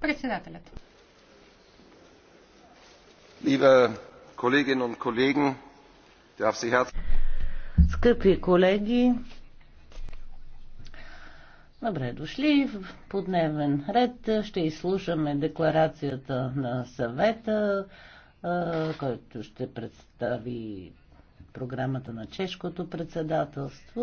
Председателят. Скъпи колеги, добре дошли. По дневен ред ще изслушаме декларацията на съвета, който ще представи програмата на чешкото председателство.